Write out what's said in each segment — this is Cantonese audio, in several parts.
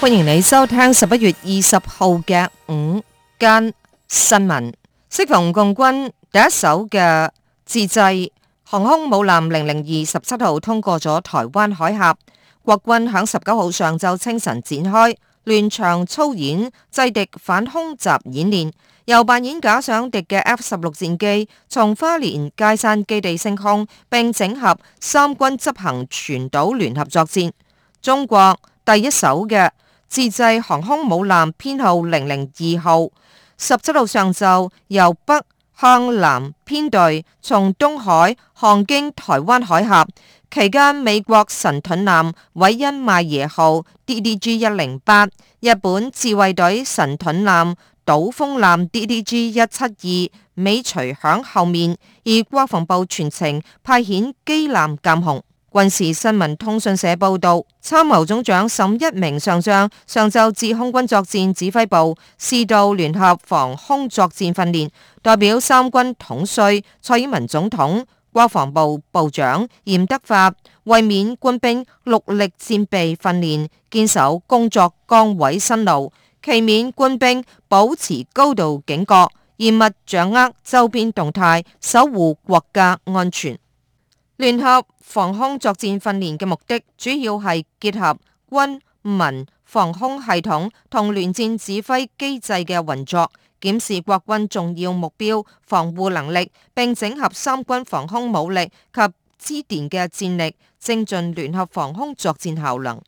歡迎你收聽十一月二十號嘅午間新聞。適逢共軍第一艘嘅自製航空母艦零零二十七號通過咗台灣海峽，國軍響十九號上晝清晨展開聯翔操演制敵反空襲演練，又扮演假想敵嘅 F 十六戰機從花蓮佳山基地升空，並整合三軍執行全島聯合作戰。中國第一艘嘅。自製航空母艦編號零零二號，十七號上晝由北向南編隊，從東海航經台灣海峽期間，美國神盾艦韋恩麥耶號 DDG 一零八、8, 日本自衛隊神盾艦島風艦 DDG 一七二尾隨響後面，以國防部全程派遣機艦監控。軍事新聞通訊社報道，參謀總長沈一鳴上將上晝至空軍作戰指揮部，視導聯合防空作戰訓練，代表三軍統帥蔡英文總統、國防部部長嚴德發，慰勉官兵努力戰備訓練，堅守工作崗位辛勞，期勉官兵保持高度警覺，嚴密掌握周邊動態，守護國家安全。聯合防空作戰訓練嘅目的，主要係結合軍民防空系統同聯戰指揮機制嘅運作，檢視國軍重要目標防護能力，並整合三軍防空武力及支援嘅戰力，增進聯合防空作戰效能。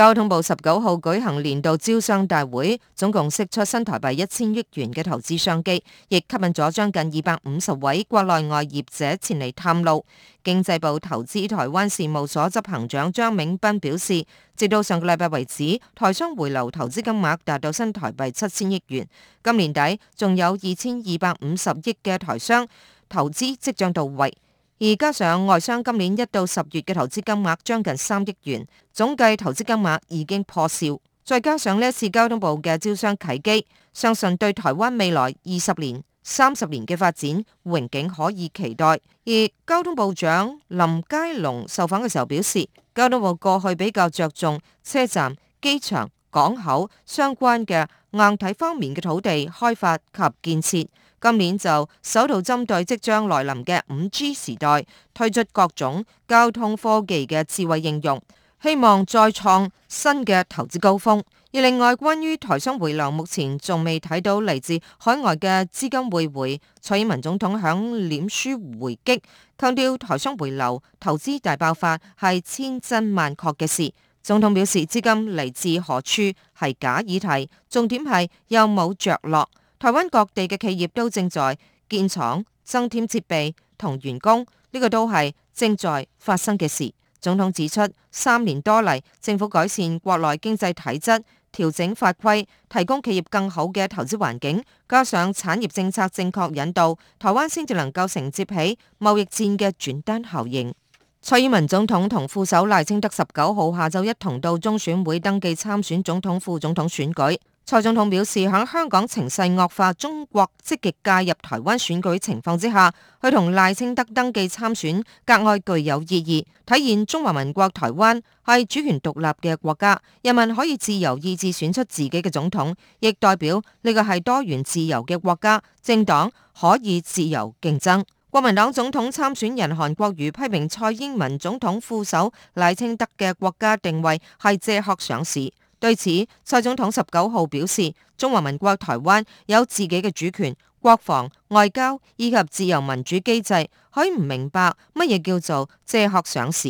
交通部十九號舉行年度招商大會，總共釋出新台幣一千億元嘅投資商機，亦吸引咗將近二百五十位國內外業者前嚟探路。經濟部投資台灣事務所執行長張銘斌表示，直到上個禮拜為止，台商回流投資金額達到新台幣七千億元，今年底仲有二千二百五十億嘅台商投資即將到位。而加上外商今年一到十月嘅投資金額將近三億元，總計投資金額已經破兆。再加上呢一次交通部嘅招商啟機，相信對台灣未來二十年、三十年嘅發展，榮景可以期待。而交通部長林佳龍受訪嘅時候表示，交通部過去比較着重車站、機場、港口相關嘅硬體方面嘅土地開發及建設。今年就首度針對即將來臨嘅 5G 時代推出各種交通科技嘅智慧應用，希望再創新嘅投資高峰。而另外關於台商回流，目前仲未睇到嚟自海外嘅資金匯回。蔡英文總統喺臉書回擊，強調台商回流、投資大爆發係千真萬確嘅事。總統表示，資金嚟自何處係假議題，重點係有冇着落。台灣各地嘅企業都正在建廠、增添設備同員工，呢個都係正在發生嘅事。總統指出，三年多嚟，政府改善國內經濟體質、調整法規、提供企業更好嘅投資環境，加上產業政策正確引導，台灣先至能夠承接起貿易戰嘅轉單效應。蔡英文總統同副手賴清德十九號下晝一同到中選會登記參選總統、副總統選舉。蔡總統表示，喺香港情勢惡化、中國積極介入台灣選舉情況之下，佢同賴清德登記參選格外具有意義，體現中華民國台灣係主權獨立嘅國家，人民可以自由意志選出自己嘅總統，亦代表呢個係多元自由嘅國家，政黨可以自由競爭。國民黨總統參選人韓國瑜批評蔡英文總統副手賴清德嘅國家定位係借殼上市。對此，蔡總統十九號表示，中華民國台灣有自己嘅主權、國防、外交以及自由民主機制，佢唔明白乜嘢叫做借殼上市。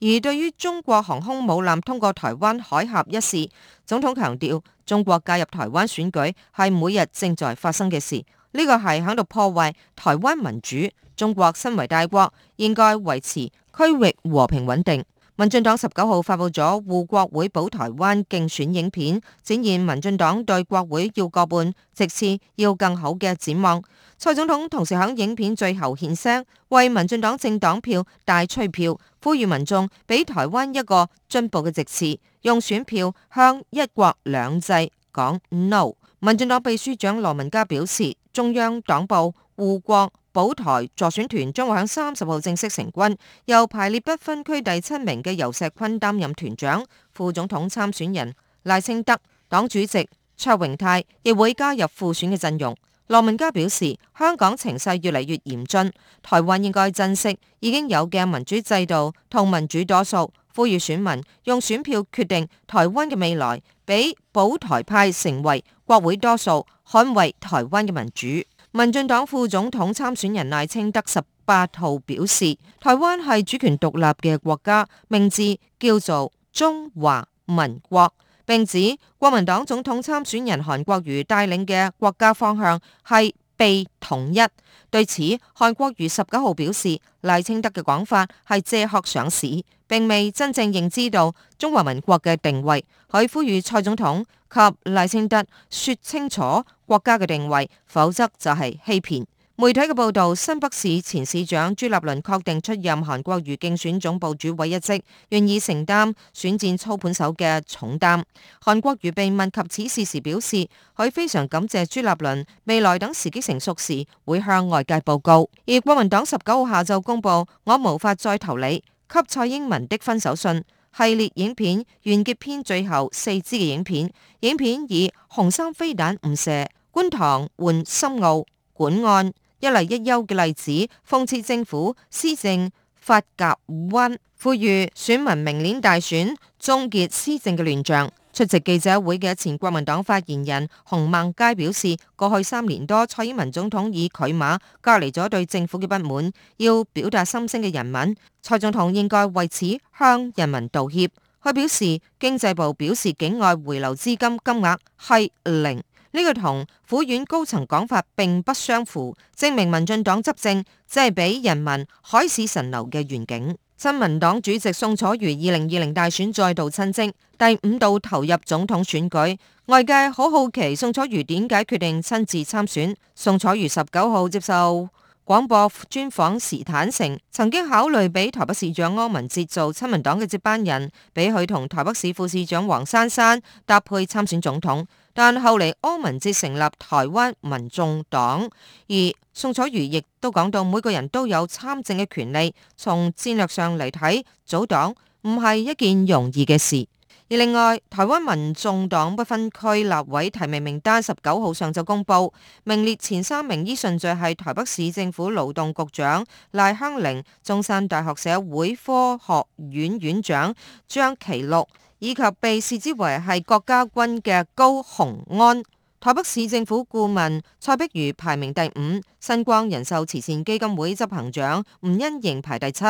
而對於中國航空母艦通過台灣海峽一事，總統強調，中國介入台灣選舉係每日正在發生嘅事，呢個係喺度破壞台灣民主。中國身為大國，應該維持區域和平穩定。民進黨十九號發布咗護國會保台灣競選影片，展現民進黨對國會要過半、席次要更好嘅展望。蔡總統同時響影片最後獻聲，為民進黨政黨票、大催票呼籲民眾，俾台灣一個進步嘅席次，用選票向一國兩制講 no。民進黨秘書長羅文嘉表示，中央黨部。護國保台助選團將會喺三十號正式成軍，由排列不分區第七名嘅游錫堃擔任團長。副總統參選人賴清德、黨主席卓榮泰亦會加入副選嘅陣容。羅文嘉表示，香港情勢越嚟越嚴峻，台灣應該珍惜已經有嘅民主制度同民主多數，呼籲選民用選票決定台灣嘅未來，俾保台派成為國會多數，捍衛台灣嘅民主。民進黨副總統參選人賴清德十八號表示，台灣係主權獨立嘅國家，名字叫做中華民國，並指國民黨總統參選人韓國瑜帶領嘅國家方向係被統一，對此韓國瑜十九號表示，賴清德嘅講法係借殼上市，並未真正認知到中華民國嘅定位，可以呼籲蔡總統及賴清德說清楚國家嘅定位，否則就係欺騙。媒體嘅報導，新北市前市長朱立倫確定出任韓國瑜競選總部主委一職，願意承擔選戰操盤手嘅重擔。韓國瑜被問及此事時表示，佢非常感謝朱立倫，未來等時機成熟時會向外界報告。而國民黨十九號下晝公布，我無法再投你，給蔡英文的分手信系列影片完結篇最後四支嘅影片，影片以雄三飛彈誤射、觀塘換深澳、管案、一例一休嘅例子，諷刺政府施政髮夾彎，呼籲選民明年大選終結施政嘅亂象。出席記者會嘅前國民黨發言人洪孟佳表示，過去三年多，蔡英文總統以拒馬隔離咗對政府嘅不滿，要表達心聲嘅人民，蔡總統應該為此向人民道歉。佢表示，經濟部表示境外回流資金金額係零。呢個同府院高層講法並不相符，證明民進黨執政只係俾人民海市蜃樓嘅願景。親民黨主席宋楚瑜二零二零大選再度親征，第五度投入總統選舉，外界好好奇宋楚瑜點解決定親自參選。宋楚瑜十九號接受廣播專訪時坦承，曾經考慮俾台北市長柯文哲做親民黨嘅接班人，俾佢同台北市副市長黃珊珊搭配參選總統。但後嚟柯文哲成立台灣民眾黨，而宋楚瑜亦都講到每個人都有參政嘅權利。從戰略上嚟睇，組黨唔係一件容易嘅事。而另外，台灣民眾黨不分區立委提名名單十九號上晝公佈，名列前三名依順序係台北市政府勞動局長賴香伶、中山大學社會科學院院長張其祿。以及被視之為係郭家軍嘅高虹安，台北市政府顧問蔡碧如排名第五，新光人壽慈善基金會執行長吳欣盈排第七。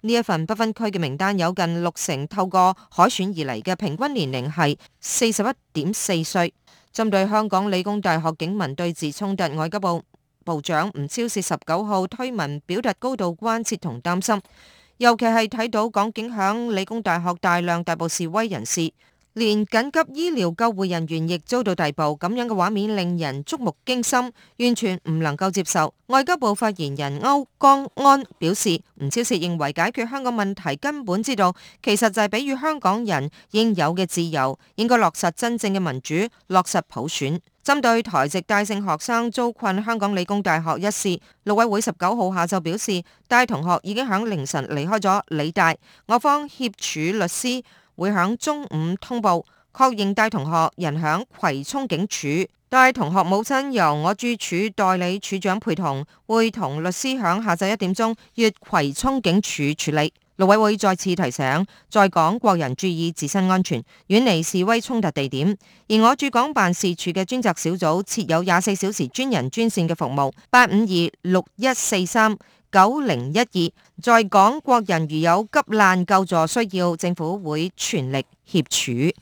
呢一份不分區嘅名單有近六成透過海選而嚟嘅，平均年齡係四十一點四歲。針對香港理工大學警民對峙衝突，外交部部長吳釗燮十九號推文表達高度關切同擔心。尤其係睇到港警響理工大學大量逮捕示威人士。連緊急醫療救護人員亦遭到逮捕，咁樣嘅畫面令人觸目驚心，完全唔能夠接受。外交部發言人歐江安表示，吳釗燮認為解決香港問題根本之道，其實就係俾予香港人應有嘅自由，應該落實真正嘅民主，落實普選。針對台籍戴姓學生遭困香港理工大學一事，陸委會十九號下晝表示，戴同學已經響凌晨離開咗理大，我方協處律師，會響中午通報確認戴同學人響葵涌警署，戴同學母親由我駐處代理處長陪同，會同律師響下晝一點鐘，越葵涌警署處理。陸委會再次提醒在港國人注意自身安全，遠離示威衝突地點。而我駐港辦事處嘅專責小組設有廿四小時專人專線嘅服務，八五二六一四三。九零一二，12, 在港國人如有急難救助需要，政府會全力協助。